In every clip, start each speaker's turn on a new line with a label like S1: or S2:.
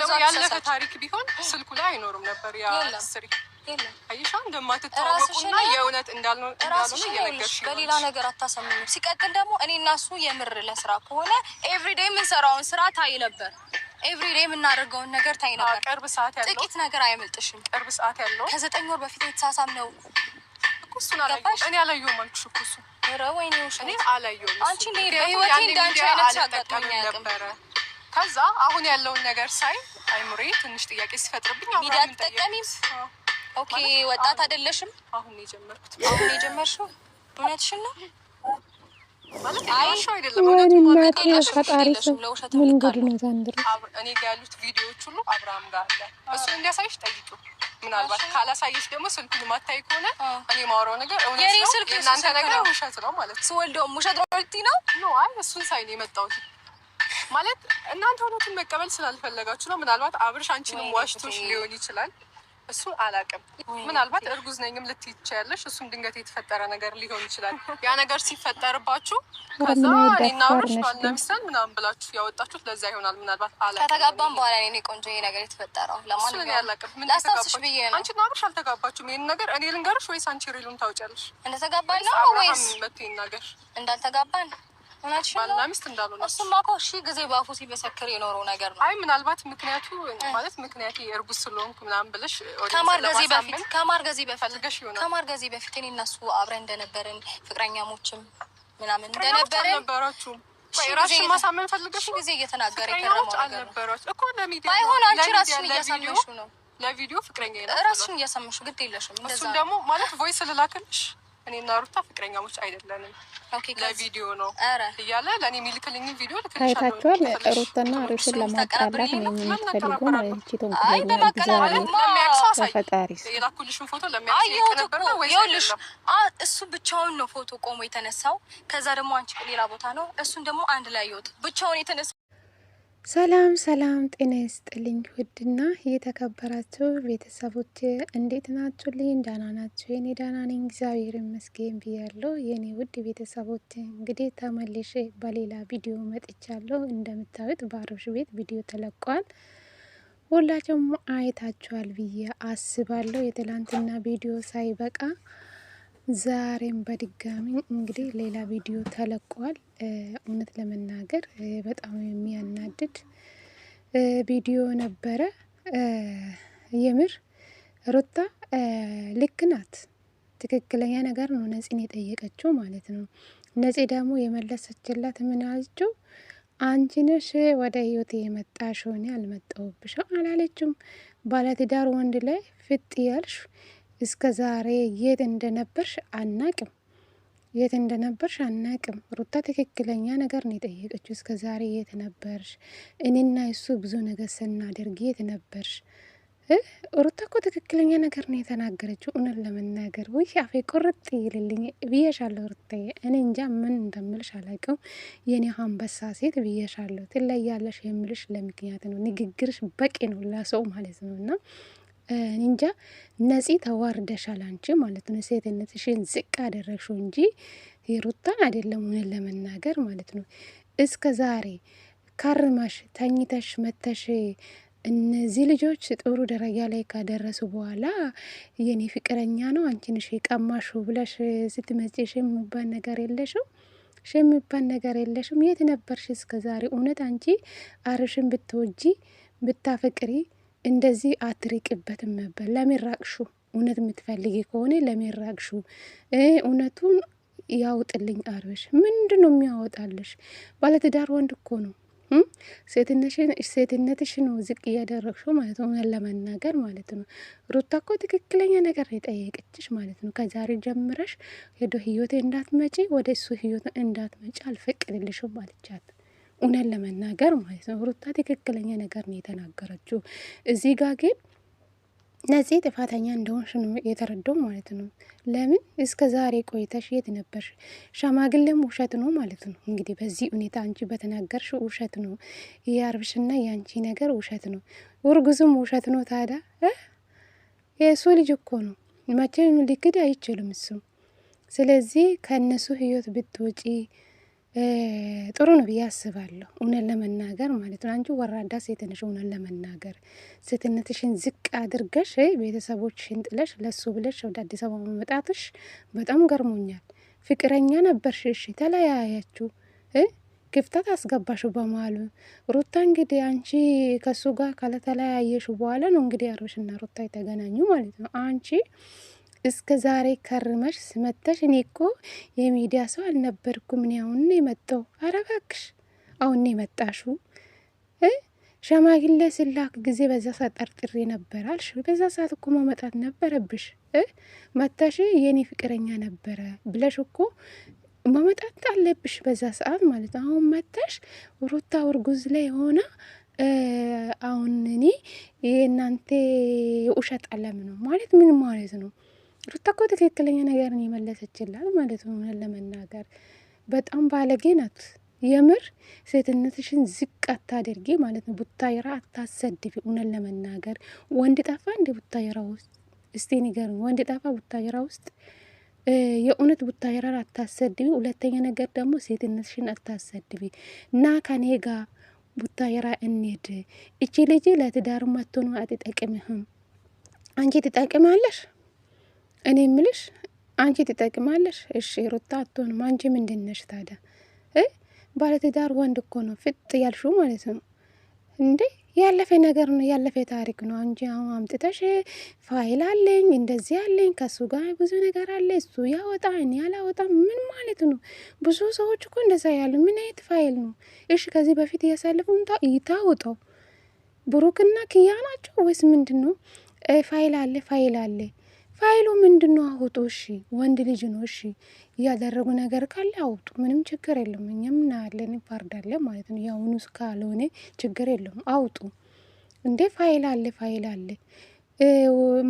S1: ደግሞ ያለፈ ታሪክ ቢሆን ስልኩ ላይ አይኖርም ነበር ያ ስሪ አይሻ እንደማትታወቁና የእውነት እንዳልሆነ
S2: እየነገርሽ በሌላ ነገር አታሰምኝም። ሲቀጥል ደግሞ እኔ እና እሱ የምር ለስራ ከሆነ ኤቭሪዴይ የምንሰራውን ስራ ታይ ነበር። ኤቭሪዴ የምናደርገውን ነገር ታይ ነበር። ቅርብ ሰዓት ያለው ጥቂት ነገር አይመልጥሽም።
S1: ቅርብ ሰዓት ያለው
S2: ከዘጠኝ ወር በፊት የተሳሳም ነው
S1: እኮ እሱን አላየሁም። እኔ አላየሁም አልኩሽ እኮ እሱን። ኧረ ወይኔ እኔ አላየሁም። አንቺ እንዳንቺ አይነት
S2: ሲያጋጥመኝ አያውቅም።
S1: ከዛ አሁን ያለውን ነገር ሳይ አይሙሬ ትንሽ ጥያቄ ሲፈጥርብኝ
S2: ሚዲያ ትጠቀሚም? ኦኬ ወጣት አይደለሽም?
S1: አሁን የጀመርኩት
S2: አሁን የጀመርሽው እውነትሽን ነው
S1: ያሉት
S3: ቪዲዮዎች
S1: ሁሉ አብርሃም ጋር አለ። እንዲያሳይሽ ስልኩን ማታይ ከሆነ እኔ ነገር
S2: እውነት
S1: ነው፣ ነገር ነው ማለት
S2: ነው። እሱን
S1: ነው ማለት እናንተ እውነቱን መቀበል ስላልፈለጋችሁ ነው። ምናልባት አብርሽ አንቺንም ዋሽቶሽ ሊሆን ይችላል። እሱ አላቅም። ምናልባት እርጉዝ ነኝም ልትይቻ ያለሽ እሱም ድንገት የተፈጠረ ነገር ሊሆን ይችላል።
S2: ያ ነገር ሲፈጠርባችሁ
S1: ከዛ እኔና አብርሽ ባልና ምናምን ብላችሁ ያወጣችሁት ለዛ ይሆናል። ምናልባት
S2: አላውቅም። በኋላ እኔ ቆንጆ ይሄ ነገር የተፈጠረው
S1: ለማንኛውም አላውቅም።
S2: ምን ተጋባችሁ?
S1: አንቺና አብርሽ አልተጋባችሁም። ይህን ነገር እኔ ልንገርሽ ወይስ አንቺ ሪሉን ታውጫለሽ? እንደተጋባን ነው ወይስ መጥቶ ይናገር
S2: እንዳልተጋባን ባልና እሱማ እኮ ሺ ጊዜ በአፉ ሲመሰክር የኖረው ነገር
S1: ነው። አይ ምናልባት ምክንያቱ ማለት ምክንያቱ እርጉዝ ስለሆንኩ ምናምን ብለሽ
S2: ከማርገዜ በፊት ከማርገዜ በፊት ከማርገዜ በፊት እኔ እና አብረን እንደነበርን ፍቅረኛሞችም ምናምን
S1: እንደነበረን ራስሽን ማሳመን ፈልገሽ
S2: ጊዜ እየተናገረ ባይሆን አንቺ ራስሽን እያሳመንሽው ነው።
S1: ለቪዲዮ ፍቅረኛ
S2: ራስሽን እያሳመንሽው ግድ የለሽም።
S1: እሱም ደግሞ ማለት ቮይስ ልላክልሽ እኔና ሩታ ፍቅረኛሞች አይደለንም፣ ለቪዲዮ ነው እያለ ለእኔ የሚልክልኝ ቪዲዮ
S3: ታይታችኋል። ሩታና አብርሽን ለማጣላት ነው የምትፈልጉ
S1: የላኩልሽን ፎቶ
S2: ማለት እሱ ብቻውን ነው ፎቶ ቆሞ የተነሳው። ከዛ ደግሞ አንቺ ሌላ ቦታ ነው፣ እሱን ደግሞ አንድ ላይ ይወጥ ብቻውን የተነሳው።
S3: ሰላም ሰላም፣ ጤና ይስጥልኝ ውድና የተከበራችሁ ቤተሰቦች እንዴት ናችሁልኝ? ዳና ናችሁ? የኔ ዳና ነኝ፣ እግዚአብሔር ይመስገን ብያለሁ። የኔ ውድ ቤተሰቦች እንግዲህ ተመልሼ በሌላ ቪዲዮ መጥቻለሁ። እንደምታዩት በአብርሽ ቤት ቪዲዮ ተለቋል። ሁላችሁም አይታችኋል ብዬ አስባለሁ። የትላንትና ቪዲዮ ሳይበቃ ዛሬም በድጋሚ እንግዲህ ሌላ ቪዲዮ ተለቋል። እውነት ለመናገር በጣም የሚያናድድ ቪዲዮ ነበረ። የምር ሩታ ልክ ናት፣ ትክክለኛ ነገር ነው ነፂን የጠየቀችው ማለት ነው። ነፂ ደግሞ የመለሰችላት ምን አለችው? አንቺ ነሽ ወደ ህይወቴ የመጣሽ ሆነ አልመጣሁብሽም አላለችም። ባለትዳር ወንድ ላይ ፍጥ ያልሽ እስከ ዛሬ የት እንደነበርሽ አናቅም፣ የት እንደነበርሽ አናቅም። ሩታ ትክክለኛ ነገር ነው የጠየቀችው። እስከ ዛሬ የት ነበርሽ? እኔና እሱ ብዙ ነገር ስናደርግ የት ነበርሽ? ሩታ እኮ ትክክለኛ ነገር ነው የተናገረችው። እውነት ለመናገር ወይ አፌ ቁርጥ ይልልኝ ብዬሻለሁ። ሩታዬ እኔ እንጃ ምን እንደምልሽ አላውቅም። የኔ አንበሳ ሴት ብዬሻለሁ። ትለያለሽ የምልሽ ለምክንያት ነው። ንግግርሽ በቂ ነው ለሰው ማለት ነው እና እንጃ ነፂ ተዋርደሻል፣ አንቺ ማለት ነው። ሴትነትሽን ዝቅ አደረግሽው እንጂ ሩታ አይደለም፣ እውነት ለመናገር ማለት ነው። እስከ ዛሬ ካርማሽ ተኝተሽ መተሽ እነዚህ ልጆች ጥሩ ደረጃ ላይ ካደረሱ በኋላ የኔ ፍቅረኛ ነው አንቺ ነሽ ቀማሹ ብለሽ ስትመጪ ሸም የሚባል ነገር የለሽም። ሽ የሚባል ነገር የለሽም። የት ነበርሽ እስከ ዛሬ? እውነት አንቺ አርሽን ብትወጂ ብታፈቅሪ እንደዚህ አትርቅበትም ነበር። ለሚራቅሹ እውነት የምትፈልጊ ከሆነ ለሚራቅሹ እውነቱን ያውጥልኝ። አብርሽ ምንድን ነው የሚያወጣልሽ? ባለትዳር ወንድ እኮ ነው። ሴትነትሽ ነው ዝቅ እያደረግሽው ማለት ነው። ለመናገር ማለት ነው ሩታ እኮ ትክክለኛ ነገር የጠየቀችሽ ማለት ነው። ከዛሬ ጀምረሽ ሄዶ ህይወቴ እንዳትመጪ፣ ወደ እሱ ህይወት እንዳትመጪ አልፈቅድልሽም አለቻት። እውነት ለመናገር ማለት ነው ሩታ ትክክለኛ ነገር ነው የተናገረችው። እዚህ ጋር ግን ነፂ ጥፋተኛ እንደሆንሽ የተረዳው ማለት ነው። ለምን እስከ ዛሬ ቆይተሽ የት ነበርሽ? ሸማግሌም ውሸት ነው ማለት ነው። እንግዲህ በዚህ ሁኔታ አንቺ በተናገርሽ ውሸት ነው። የአብርሽና የአንቺ ነገር ውሸት ነው። ውርጉዝም ውሸት ነው። ታዳ የእሱ ልጅ እኮ ነው። መቼም ሊክድ አይችልም እሱ። ስለዚህ ከእነሱ ህይወት ብትወጪ ጥሩ ነው ብዬ አስባለሁ። እውነት ለመናገር ማለት ነው አንቺ ወራዳ ሴት ነሽ። እውነት ለመናገር ሴትነትሽን ዝቅ አድርገሽ ቤተሰቦችሽን ጥለሽ ለሱ ብለሽ ወደ አዲስ አበባ መምጣትሽ በጣም ገርሞኛል። ፍቅረኛ ነበርሽ፣ እሺ፣ ተለያያችሁ፣ ክፍተት አስገባሽ በማሉ ሩታ እንግዲህ አንቺ ከሱ ጋር ካለተለያየሽ በኋላ ነው እንግዲህ አብርሽና ሩታ የተገናኙ ማለት ነው አንቺ እስከ ዛሬ ከርመሽ ስመተሽ እኔ እኮ የሚዲያ ሰው አልነበርኩም። እኔ አሁን የመጣው አረባክሽ አሁን የመጣሹ ሸማግሌ ስላክ ጊዜ በዛ ሰዓት ጠርጥሬ ነበር አልሽ። በዛ ሰዓት እኮ መመጣት ነበረብሽ። መተሽ የኔ ፍቅረኛ ነበረ ብለሽ እኮ መመጣት አለብሽ በዛ ሰዓት ማለት ነው። አሁን መተሽ ሩታ ውርጉዝ ላይ የሆነ አሁን እኔ የእናንተ ውሸት አለም ነው ማለት ምን ማለት ነው? ሩታ እኮ ትክክለኛ ነው የመለሰችላል ማለት ነው። ለመናገር በጣም ባለጌ ናት። የምር ሴትነትሽን ዝቅ አታደርጊ ማለት ነው። ቡታየራ አታሰድፊ። እውነት ለመናገር ወንድ ጠፋ እንደ ቡታየራ ውስጥ እስቲ ንገር፣ ወንድ ጠፋ ቡታየራ ውስጥ? የእውነት ቡታየራ አታሰድቢ። ሁለተኛ ነገር ደግሞ ሴትነትሽን አታሰድቢ። ና ከኔ ጋር ቡታየራ እንሄድ። እቺ ልጅ ለትዳር መቶን አትጠቅምህም። አንቺ ትጠቅማለሽ። እኔ ምልሽ አንቺ ትጠቅማለሽ? እሺ ሩታ አትሆንም። አንቺ ምንድን ነሽ ታዲያ? ባለትዳር ወንድ እኮ ነው ፍጥ ያልሹ ማለት ነው እንዴ? ያለፈ ነገር ነው፣ ያለፈ ታሪክ ነው። አንቺ አሁን አምጥተሽ ፋይል አለኝ እንደዚህ አለኝ ከሱ ጋር ብዙ ነገር አለ፣ እሱ ያወጣ እኔ ያላወጣ ምን ማለት ነው? ብዙ ሰዎች እኮ እንደዛ ያሉ። ምን አይነት ፋይል ነው? እሺ ከዚህ በፊት እያሳለፉ ይታወጣው ብሩክና ክያ ናቸው ወይስ ምንድን ነው? ፋይል አለ ፋይል አለ ፋይሉ ምንድን ነው አውጡ። እሺ ወንድ ልጅ ነው። እሺ እያደረጉ ነገር ካለ አውጡ። ምንም ችግር የለም። እኛም እናያለን፣ ይፋርዳለን ማለት ነው። የአሁኑ እስካልሆነ ችግር የለም። አውጡ እንዴ! ፋይል አለ፣ ፋይል አለ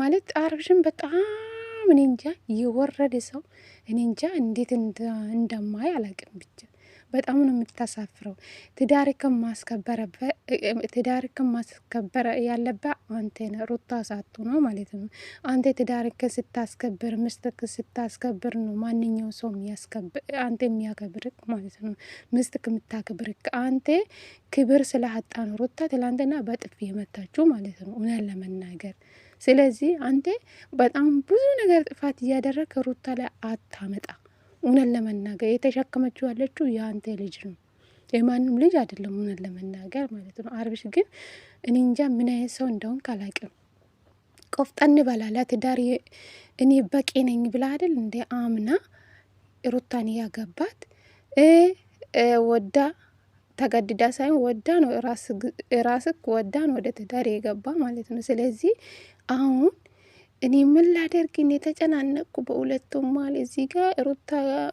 S3: ማለት አብርሽን በጣም እኔ እንጃ የወረደ ሰው እኔ እንጃ እንዴት እንደማይ አላውቅም ብቻ በጣም ነው የምታሳፍረው። ትዳርክን ማስከበር ያለበት አንተ ነህ፣ ሩታ ሳቱ ነው ማለት ነው። አንተ ትዳርክን ስታስከብር፣ ምስትክ ስታስከብር ነው ማንኛው ሰው አንተ የሚያከብር ማለት ነው። ምስትክ የምታከብር አንተ ክብር ስለሀጣ ነው ሩታ ትላንትና በጥፊ የመታችሁ ማለት ነው፣ እውነት ለመናገር ስለዚህ አንተ በጣም ብዙ ነገር ጥፋት እያደረግ ሩታ ላይ አታመጣ እውነት ለመናገር የተሸከመችው ያለችው የአንተ ልጅ ነው፣ የማንም ልጅ አይደለም። እውነት ለመናገር ማለት ነው። አብርሽ ግን እኔ እንጃ ምን አይነት ሰው እንደውን አላውቅም። ቆፍጠን በላላ ትዳር እኔ በቂ ነኝ ብላ አይደል እንደ አምና ሩታን ያገባት ወዳ ተገድዳ ሳይሆን ወዳ ነው። ራስክ ወዳ ነው ወደ ትዳር የገባ ማለት ነው። ስለዚህ አሁን እኔ ምን ላደርግ ላደርግን የተጨናነቅኩ በሁለቱም ማል እዚ ጋ ሩታ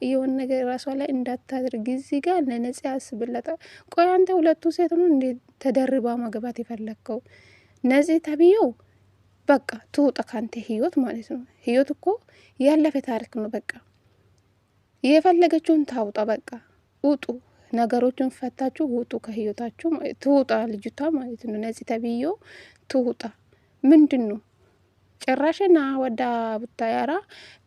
S3: የሆን ነገር ራሷ ላይ እንዳታደርግ እዚ ጋ ለነጽ ያስብለታ። ቆይ አንተ ሁለቱ ሴት ነው እንዴ ተደርባ ማግባት የፈለግከው? ነጽ ተብዬው በቃ ትውጣ ካንተ ህይወት ማለት ነው። ህይወት እኮ ያለፈ ታሪክ ነው። በቃ የፈለገችውን ታውጣ። በቃ ውጡ፣ ነገሮችን ፈታችሁ ውጡ ከህይወታችሁ። ትውጣ ልጅቷ ማለት ነው። ነጽ ተብዬው ትውጣ። ምንድን ነው ጭራሽና ወዳ ቡታያራ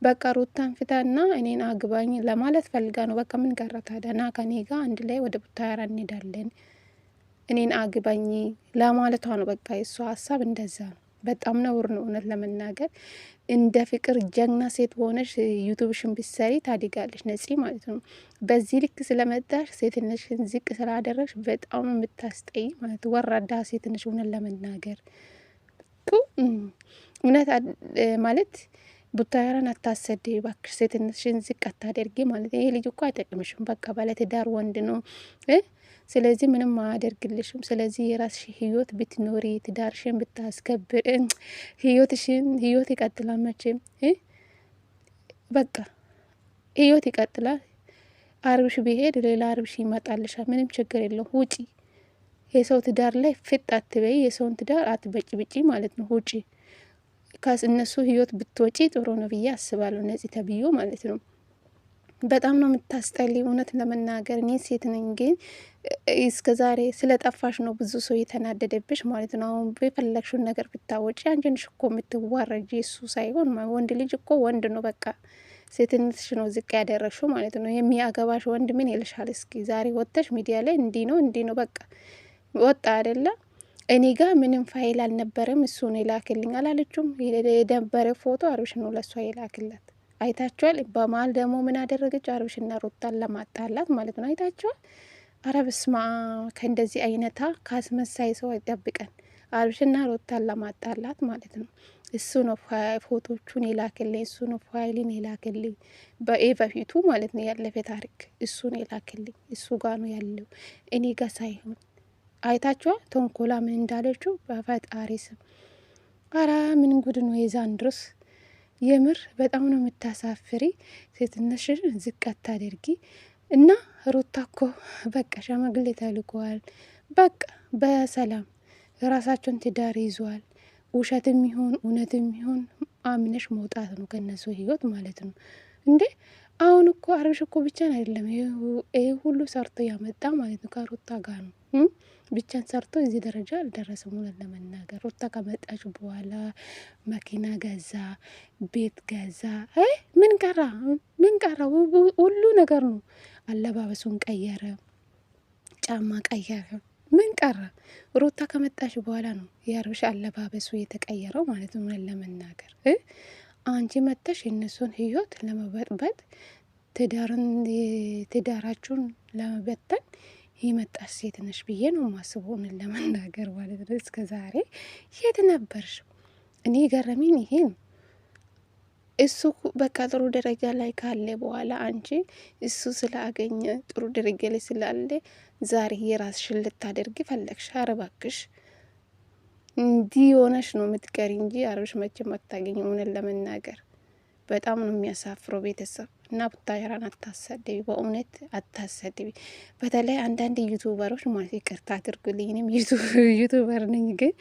S3: በቃ ሩታን ፍታና እኔን አግባኝ ለማለት ፈልጋ ነው። በቃ ምን ቀረ ታዲያ? ከኔ ጋር አንድ ላይ ወደ ቡታያራ እንሄዳለን እኔን አግባኝ ለማለቷ ነው። በቃ የእሷ ሀሳብ እንደዛ ነው። በጣም ነውር ነው እውነት ለመናገር እንደ ፍቅር ጀግና ሴት ሆነሽ ዩቱብሽን ብሰሪ ታድጋለሽ፣ ነጽ ማለት ነው። በዚህ ልክ ስለመጣሽ ሴትነሽን ዝቅ ስላደረግሽ በጣም የምታስጠይ ማለት ወራዳ ሴትነሽ እውነት ለመናገር እውነት ማለት ቡታራን አታሰድ ባክሽ፣ ሴትነትሽን ዝቅ አታደርጊ ማለት ይሄ ልጅ እኮ አይጠቅምሽም። በቃ ባለትዳር ወንድ ነው። ስለዚህ ምንም አያደርግልሽም። ስለዚህ የራስሽ ህይወት ብትኖሪ ትዳርሽን ብታስከብር ህይወትሽን ህይወት ይቀጥላል። መቼም በቃ ህይወት ይቀጥላል። አርብሽ ቢሄድ ሌላ አርብሽ ይመጣልሻል። ምንም ችግር የለው ውጪ የሰው ትዳር ላይ ፍጥ አትበይ። የሰውን ትዳር አትበጭ ብጪ ማለት ነው። ውጪ ከእነሱ ህይወት ብትወጪ ጥሩ ነው ብዬ አስባለሁ። ነጽ ተብዮ ማለት ነው። በጣም ነው የምታስጠሊ። እውነት ለመናገር እኔ ሴት ነኝ፣ ግን እስከ ዛሬ ስለ ጠፋሽ ነው ብዙ ሰው የተናደደብሽ ማለት ነው። አሁን የፈለግሽውን ነገር ብታወጪ አንቺንሽ እኮ የምትዋረጅ እሱ ሳይሆን ወንድ ልጅ እኮ ወንድ ነው። በቃ ሴትነትሽ ነው ዝቅ ያደረግሽው ማለት ነው። የሚያገባሽ ወንድ ምን ይልሻል? እስኪ ዛሬ ወጥተሽ ሚዲያ ላይ እንዲህ ነው እንዲህ ነው በቃ ወጣ አይደለም እኔ ጋ ምንም ፋይል አልነበረም እሱ ነው የላክልኝ አላለችም። የነበረ ፎቶ አብርሽ ነው ለእሷ ይላክላት። አይታችኋል። በመሀል ደግሞ ምን አደረገች? አብርሽና ሩታን ለማጣላት ማለት ነው። አይታችኋል። አረ በስመ አብ! ከእንደዚህ አይነታ ካስመሳይ ሰው አይጠብቀን። አብርሽና ሩታን ለማጣላት ማለት ነው። እሱ ነው ፎቶቹን የላክልኝ፣ እሱ ነው ፋይልን የላክልኝ። በፊቱ ማለት ነው ያለፈ ታሪክ እሱን ነው የላክልኝ። እሱ ጋ ነው ያለው እኔ ጋ ሳይሆን አይታችኋ ተንኮላ ምን እንዳለችው በፈጣሪ ስም። አረ ምን ጉድ ነው የዛንድሮስ የምር በጣም ነው የምታሳፍሪ። ሴትነሽን ዝቅ አታደርጊ እና ሩታ እኮ በቃ ሸመግሌ ተልከዋል። በቃ በሰላም የራሳቸውን ትዳር ይዟል። ውሸት የሚሆን እውነትም የሚሆን አምነሽ መውጣት ነው ከነሱ ህይወት ማለት ነው እንዴ አሁን እኮ አብርሽ እኮ ብቻን አይደለም ይህ ሁሉ ሰርቶ ያመጣ ማለት ነው። ከሩታ ጋር ነው ብቻን ሰርቶ እዚህ ደረጃ አልደረሰም። እውነት ለመናገር ሩታ ከመጣች በኋላ መኪና ገዛ፣ ቤት ገዛ። ምን ቀራ? ምን ቀራ? ሁሉ ነገር ነው። አለባበሱን ቀየረ፣ ጫማ ቀየረ። ምን ቀራ? ሩታ ከመጣች በኋላ ነው የአብርሽ አለባበሱ የተቀየረው ማለት ነው ለመናገር አንቺ መተሽ የእነሱን ህይወት ለመበጥበጥ ትዳራችሁን ለመበተን የመጣ ሴት ነሽ ብዬ ነው የማስበው። እውነት ለመናገር ማለት ነው። እስከ ዛሬ የት ነበርሽ? እኔ ገረሚን ይሄን እሱ በቃ ጥሩ ደረጃ ላይ ካለ በኋላ አንቺ እሱ ስላገኘ ጥሩ ደረጃ ላይ ስላለ ዛሬ የራስሽን ልታደርግ ፈለግሽ። አረባክሽ እንዲህ የሆነች ነው የምትቀሪ እንጂ አብርሽ መቼም አታገኝ። እውነት ለመናገር በጣም ነው የሚያሳፍረው። ቤተሰብ እና ቡታጅራን አታሰድቢ፣ በእውነት አታሰድቢ። በተለይ አንዳንድ ዩቱበሮች ማለት ይቅርታ አድርጉልኝ፣ እኔም ዩቱበር ነኝ ግን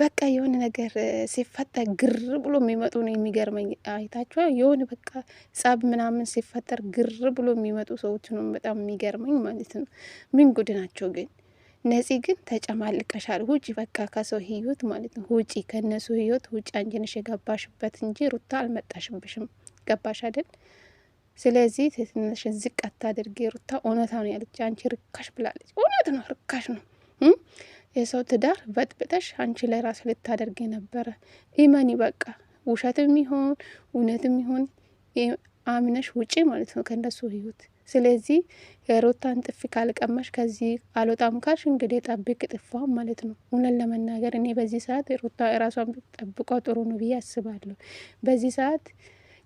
S3: በቃ የሆነ ነገር ሲፈጠር ግር ብሎ የሚመጡ ነው የሚገርመኝ። አይታችኋ የሆነ በቃ ጸብ ምናምን ሲፈጠር ግር ብሎ የሚመጡ ሰዎች ነው በጣም የሚገርመኝ ማለት ነው። ምን ጉድ ናቸው ግን ነፂ ግን ተጨማልቀሻል። ውጭ በቃ ከሰው ህይወት ማለት ነው ውጪ ከነሱ ህይወት ውጭ አንጀነሽ የገባሽበት እንጂ ሩታ አልመጣሽብሽም። ገባሽ አይደል? ስለዚህ ትንሽን ዝቅ አታድርጊ ሩታ። እውነታ ነው ያለች። አንቺ ርካሽ ብላለች። እውነት ነው፣ ርካሽ ነው። የሰው ትዳር በጥብጠሽ አንቺ ላይ ልታደርግ ነበረ። ኢመኒ በቃ ውሸትም ይሆን እውነትም ይሆን አምነሽ ውጪ ማለት ነው ከነሱ ህይወት ስለዚህ የሮታን ጥፊ ካልቀመሽ ከዚህ አልወጣም ካልሽ እንግዲህ ጠብቅ ጥፋም ማለት ነው። እውነት ለመናገር እኔ በዚህ ሰዓት ሮታ ራሷን ጠብቋ ጥሩ ነው ብዬ አስባለሁ። በዚህ ሰዓት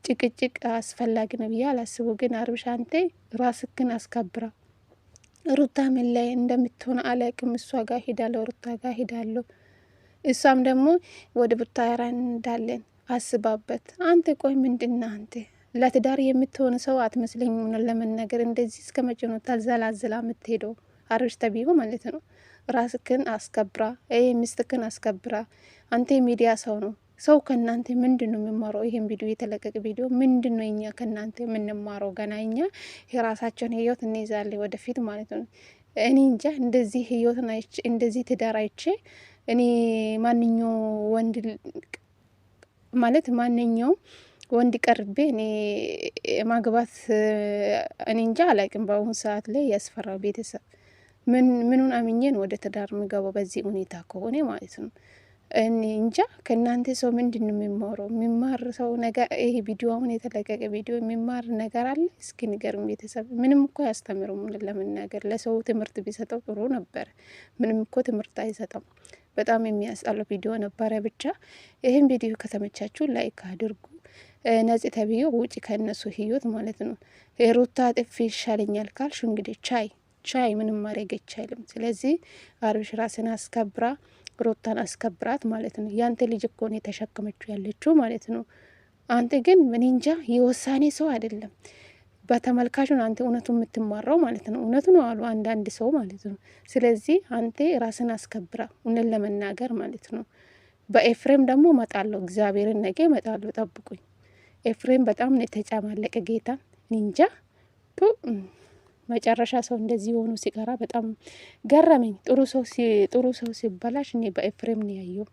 S3: ጭቅጭቅ አስፈላጊ ነው ብዬ አላስቡ። ግን አብርሽ አንተ ራስክን አስከብራ ሩታ ምን ላይ እንደምትሆን አላቅም። እሷ ጋር ሄዳለሁ፣ ሩታ ጋር ሄዳለሁ። እሷም ደግሞ ወደ ቡታራ እንዳለን አስባበት። አንተ ቆይ ምንድና አንተ ለትዳር የምትሆን ሰው አትመስለኝ ሆነ ለመናገር እንደዚህ እስከ መቼ ነው ታዘላዝላ የምትሄደው? አብርሽ ተብዬው ማለት ነው። ራስክን አስከብራ ሚስትክን አስከብራ። አንተ የሚዲያ ሰው ነው። ሰው ከእናንተ ምንድን ነው የሚማረው? ይህም ቪዲዮ የተለቀቀ ቪዲዮ ምንድን ነው እኛ ከእናንተ የምንማረው? ገና እኛ የራሳቸውን ህይወት እንይዛለን ወደፊት ማለት ነው። እኔ እንጃ እንደዚህ ህይወትን አይቼ እንደዚህ ትዳር አይቼ እኔ ማንኛው ወንድ ማለት ማንኛውም ወንድ ቀርቤ እኔ ማግባት እኔ እንጃ አላቅም። በአሁኑ ሰዓት ላይ ያስፈራው ቤተሰብ ምኑን አምኜን ወደ ትዳር ምገባው በዚህ ሁኔታ ከሆነ ማለት ነው። እኔ እንጃ ከእናንተ ሰው ምንድን ነው የሚማረው? የሚማር ሰው ነገር ይሄ ቪዲዮ አሁን የተለቀቀ ቪዲዮ የሚማር ነገር አለ? እስኪ ንገርም ቤተሰብ። ምንም እኮ አያስተምርም። ለመናገር ለሰው ትምህርት ቢሰጠው ጥሩ ነበር። ምንም እኮ ትምህርት አይሰጠም። በጣም የሚያስጠላው ቪዲዮ ነበረ። ብቻ ይህን ቪዲዮ ከተመቻችሁ ላይክ አድርጉ። ነጽ ተብዮ ውጭ ከነሱ ህይወት ማለት ነው። ሩታ ጥፊ ይሻለኛል ካልሽ እንግዲህ ቻይ ቻይ፣ ምንም ማድረግ አይቻልም። ስለዚህ አብርሽ ራስን አስከብራ ሩታን አስከብራት ማለት ነው። ያንተ ልጅ እኮ ነው የተሸከመችው ያለችው ማለት ነው። አንተ ግን ምን እንጃ የወሳኔ ሰው አይደለም። በተመልካቹን አንተ እውነቱ የምትማራው ማለት ነው። እውነቱ ነው አሉ አንዳንድ ሰው ማለት ነው። ስለዚህ አንተ ራስን አስከብራ እውነት ለመናገር ማለት ነው። በኤፍሬም ደግሞ መጣለሁ፣ እግዚአብሔርን ነገ መጣለሁ፣ ጠብቁኝ። ኤፍሬም በጣም ነው የተጫማለቀ። ጌታ ኒንጃ መጨረሻ ሰው እንደዚህ የሆኑ ሲቀራ በጣም ገረመኝ። ጥሩ ሰው ሲበላሽ እኔ በኤፍሬም ነው ያየው።